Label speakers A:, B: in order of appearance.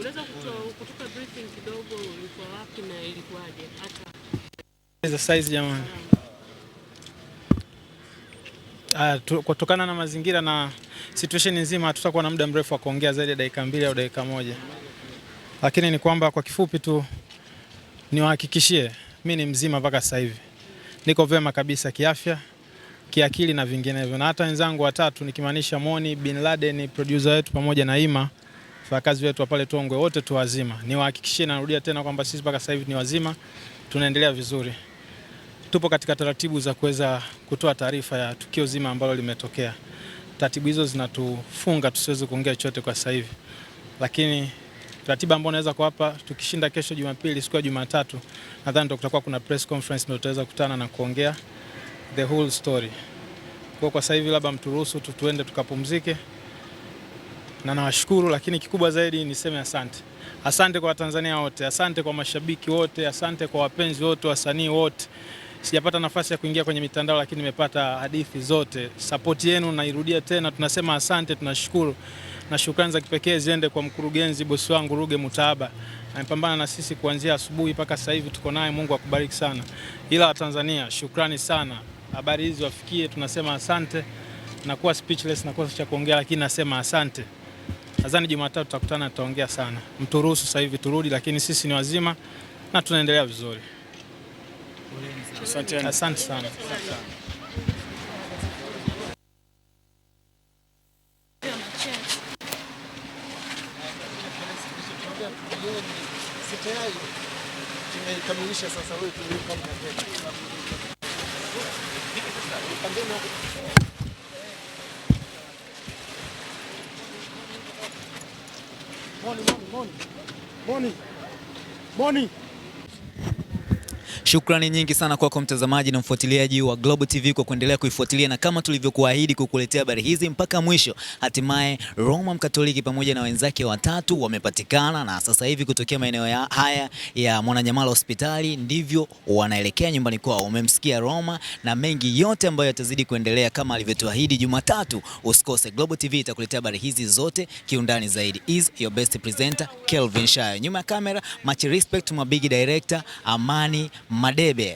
A: Unaweza kutoka briefing kidogo, ulikuwa wapi na ilikuwaje hata
B: za size jamani, kutokana na mazingira na situation nzima, hatutakuwa na muda mrefu wa kuongea zaidi ya dakika mbili au dakika moja, lakini ni kwamba kwa kifupi tu niwahakikishie, mi ni mzima mpaka sasa hivi, niko vyema kabisa kiafya, kiakili na vinginevyo, na hata wenzangu watatu nikimaanisha Moni, Bin Laden, producer wetu pamoja na Ima wafanyakazi wetu pale Tongwe wote tu wazima. Niwahakikishie, narudia tena kwamba sisi mpaka sasa hivi ni wazima, tunaendelea vizuri tupo katika taratibu za kuweza kutoa taarifa ya tukio zima ambalo limetokea. Taratibu hizo zinatufunga tusiweze kuongea chochote kwa sasa hivi, lakini ratiba ambayo naweza kuwapa, tukishinda kesho Jumapili, siku ya Jumatatu nadhani ndio kutakuwa kuna press conference, ndio tutaweza kutana na kuongea the whole story. Kwa kwa sasa hivi labda mturuhusu tu tuende tukapumzike, na nawashukuru, lakini kikubwa zaidi niseme asante. Asante kwa Watanzania wote, asante kwa mashabiki wote, asante kwa wapenzi wote, wasanii wote sijapata nafasi ya kuingia kwenye mitandao, lakini nimepata hadithi zote. Sapoti yenu nairudia tena, tunasema asante, tunashukuru na shukrani za kipekee ziende kwa mkurugenzi bosi wangu Ruge Mutaba, amepambana na sisi kuanzia asubuhi mpaka sasa hivi tuko naye. Mungu akubariki sana. Ila wa Tanzania, shukrani sana, habari hizi wafikie, tunasema asante. Nakuwa speechless, nakosa cha kuongea, lakini nasema asante. Nadhani Jumatatu tutakutana, tutaongea sana. Mturuhusu sasa hivi turudi, lakini sisi ni wazima na tunaendelea vizuri. Asante, asante sana.
C: Morning, morning, morning. Morning. Shukrani nyingi sana kwako mtazamaji na mfuatiliaji wa Global TV kwa kuendelea kuifuatilia, na kama tulivyokuahidi kukuletea habari hizi mpaka mwisho, hatimaye Roma Mkatoliki pamoja na wenzake watatu wamepatikana, na sasa hivi kutokea maeneo haya ya Mwananyamala hospitali ndivyo wanaelekea nyumbani kwao. Umemsikia Roma na mengi yote ambayo yatazidi kuendelea kama alivyotuahidi Jumatatu. Usikose, Global TV itakuletea habari hizi zote kiundani zaidi. Is your best presenter Kelvin Shayo, nyuma ya kamera, much respect, big director Amani Madebe.